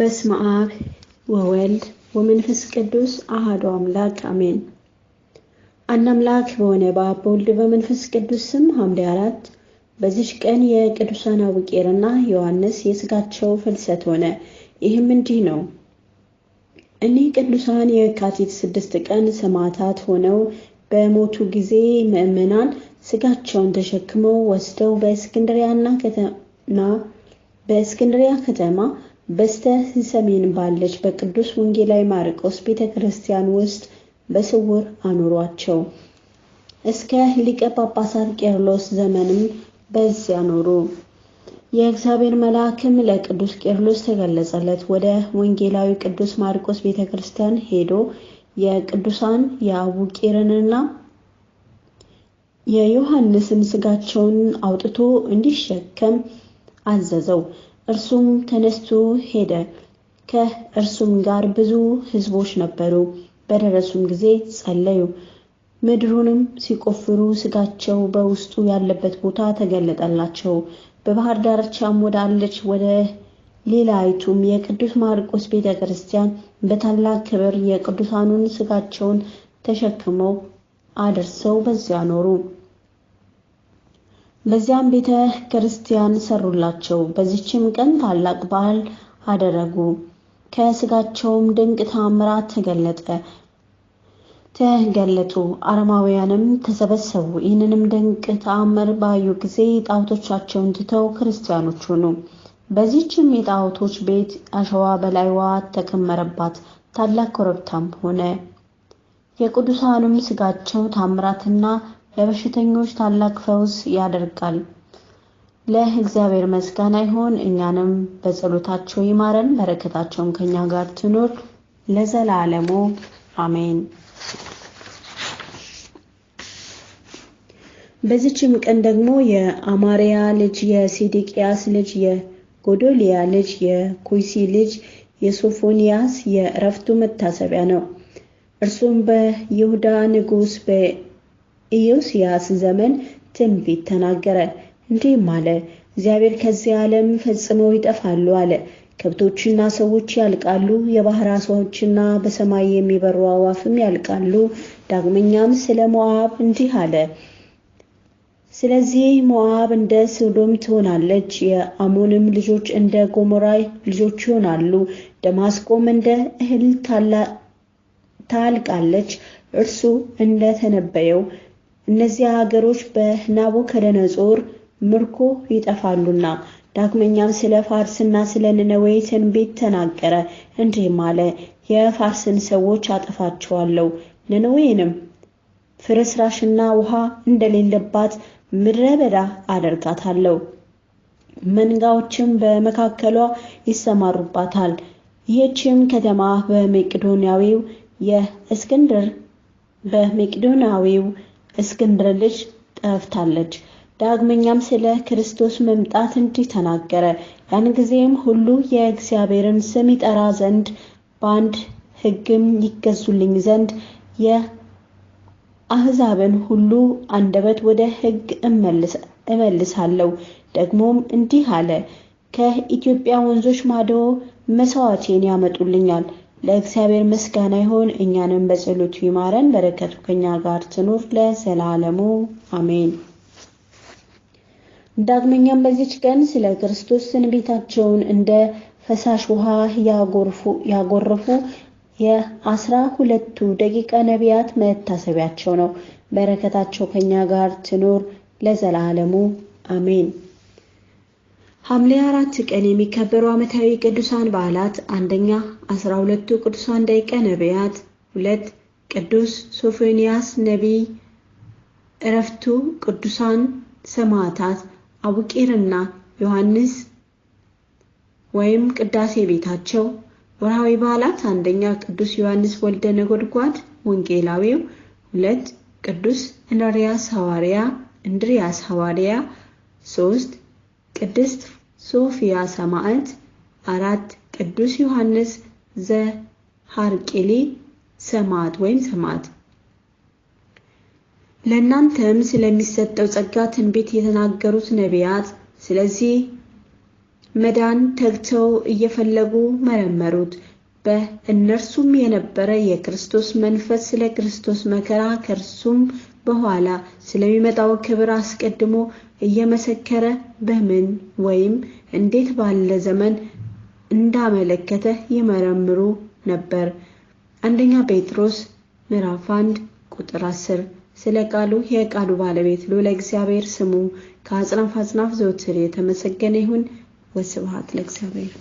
በስመ አብ ወወልድ ወመንፈስ ቅዱስ አህዶ አምላክ አሜን። አንድ አምላክ በሆነ በአብ በወልድ በመንፈስ ቅዱስ ስም ሐምሌ አራት በዚች ቀን የቅዱሳን አቡቄርና ዮሐንስ የስጋቸው ፍልሰት ሆነ። ይህም እንዲህ ነው። እኒህ ቅዱሳን የካቲት ስድስት ቀን ሰማዕታት ሆነው በሞቱ ጊዜ ምእመናን ስጋቸውን ተሸክመው ወስደው በእስክንድሪያና ከተማ በእስክንድሪያ ከተማ በስተ ሰሜን ባለች በቅዱስ ወንጌላዊ ማርቆስ ቤተ ክርስቲያን ውስጥ በስውር አኖሯቸው። እስከ ሊቀ ጳጳሳት ቄርሎስ ዘመንም በዚያ ኖሩ። የእግዚአብሔር መልአክም ለቅዱስ ቄርሎስ ተገለጸለት። ወደ ወንጌላዊ ቅዱስ ማርቆስ ቤተክርስቲያን ሄዶ የቅዱሳን የአቡቂርንና የዮሐንስን ስጋቸውን አውጥቶ እንዲሸከም አዘዘው። እርሱም ተነስቶ ሄደ። ከእርሱም ጋር ብዙ ሕዝቦች ነበሩ። በደረሱም ጊዜ ጸለዩ። ምድሩንም ሲቆፍሩ ስጋቸው በውስጡ ያለበት ቦታ ተገለጠላቸው። በባህር ዳርቻም ወዳለች ወደ ሌላይቱም የቅዱስ ማርቆስ ቤተ ክርስቲያን በታላቅ ክብር የቅዱሳኑን ስጋቸውን ተሸክመው አድርሰው በዚያ ኖሩ። በዚያም ቤተ ክርስቲያን ሰሩላቸው። በዚችም ቀን ታላቅ በዓል አደረጉ። ከስጋቸውም ድንቅ ታምራት ተገለጠ ተገለጡ። አረማውያንም ተሰበሰቡ። ይህንንም ድንቅ ተአምር ባዩ ጊዜ ጣዖቶቻቸውን ትተው ክርስቲያኖች ሆኑ። በዚችም የጣዖቶች ቤት አሸዋ በላይዋ ተከመረባት፣ ታላቅ ኮረብታም ሆነ። የቅዱሳንም ስጋቸው ታምራትና ለበሽተኞች ታላቅ ፈውስ ያደርጋል። ለእግዚአብሔር መስጋና ይሁን። እኛንም በጸሎታቸው ይማረን፣ በረከታቸውም ከኛ ጋር ትኑር ለዘላለሙ አሜን። በዚችም ቀን ደግሞ የአማሪያ ልጅ የሲዲቅያስ ልጅ የጎዶሊያ ልጅ የኩሲ ልጅ የሶፎንያስ የእረፍቱ መታሰቢያ ነው። እርሱም በይሁዳ ንጉሥ ኢዮስያስ ዘመን ትንቢት ተናገረ፣ እንዲህም አለ፣ እግዚአብሔር ከዚህ ዓለም ፈጽመው ይጠፋሉ አለ። ከብቶችና ሰዎች ያልቃሉ፣ የባህር አሳዎችና በሰማይ የሚበሩ አዋፍም ያልቃሉ። ዳግመኛም ስለ ሞዓብ እንዲህ አለ፣ ስለዚህ ሞዓብ እንደ ሶዶም ትሆናለች፣ የአሞንም ልጆች እንደ ጎሞራ ልጆች ይሆናሉ። ደማስቆም እንደ እህል ታልቃለች፣ እርሱ እንደተነበየው እነዚያ ሀገሮች በናቡከደነጾር ምርኮ ይጠፋሉና። ዳግመኛም ስለ ፋርስና ስለ ነነዌ ትንቢት ተናገረ፣ እንዲህም አለ የፋርስን ሰዎች አጠፋቸዋለሁ፣ ነነዌንም ፍርስራሽና ውሃ እንደሌለባት ምድረ በዳ አደርጋታለሁ፣ መንጋዎችም በመካከሏ ይሰማሩባታል። ይህችም ከተማ በመቄዶንያዊው የእስክንድር በመቄዶንያዊው እስክንድር ልጅ ጠፍታለች። ዳግመኛም ስለ ክርስቶስ መምጣት እንዲህ ተናገረ። ያን ጊዜም ሁሉ የእግዚአብሔርን ስም ይጠራ ዘንድ በአንድ ሕግም ይገዙልኝ ዘንድ የአሕዛብን ሁሉ አንደበት ወደ ሕግ እመልሳለሁ። ደግሞም እንዲህ አለ፣ ከኢትዮጵያ ወንዞች ማዶ መሥዋዕቴን ያመጡልኛል። ለእግዚአብሔር ምስጋና ይሁን። እኛንም በጸሎቱ ይማረን፣ በረከቱ ከኛ ጋር ትኑር ለዘላለሙ አሜን። ዳግመኛም በዚች ቀን ስለ ክርስቶስ ትንቢታቸውን እንደ ፈሳሽ ውሃ ያጎርፉ የአስራ ሁለቱ ደቂቀ ነቢያት መታሰቢያቸው ነው። በረከታቸው ከኛ ጋር ትኑር ለዘላለሙ አሜን። ሐምሌ አራት ቀን የሚከበሩ ዓመታዊ ቅዱሳን በዓላት አንደኛ አስራ ሁለቱ ቅዱሳን ደቂቀ ነቢያት፣ ሁለት ቅዱስ ሶፎንያስ ነቢይ፣ እረፍቱ ቅዱሳን ሰማዕታት አቡቂርና ዮሐንስ ወይም ቅዳሴ ቤታቸው። ወርሃዊ በዓላት አንደኛ ቅዱስ ዮሐንስ ወልደ ነጎድጓድ ወንጌላዊው፣ ሁለት ቅዱስ እንድርያስ ሐዋርያ እንድርያስ ሐዋርያ፣ ሶስት ቅድስት ሶፊያ ሰማዕት፣ አራት ቅዱስ ዮሐንስ ዘሐርቂሌ ሰማዕት ወይም ሰማዕት። ለእናንተም ስለሚሰጠው ጸጋ ትንቢት የተናገሩት ነቢያት ስለዚህ መዳን ተግተው እየፈለጉ መረመሩት። በእነርሱም የነበረ የክርስቶስ መንፈስ ስለ ክርስቶስ መከራ ከእርሱም በኋላ ስለሚመጣው ክብር አስቀድሞ እየመሰከረ በምን ወይም እንዴት ባለ ዘመን እንዳመለከተ ይመረምሩ ነበር። አንደኛ ጴጥሮስ ምዕራፍ 1 ቁጥር 10 ስለ ቃሉ የቃሉ ባለቤት ልዑለ እግዚአብሔር ስሙ ከአጽናፍ አጽናፍ ዘውትር የተመሰገነ ይሁን። ወስብሐት ለእግዚአብሔር።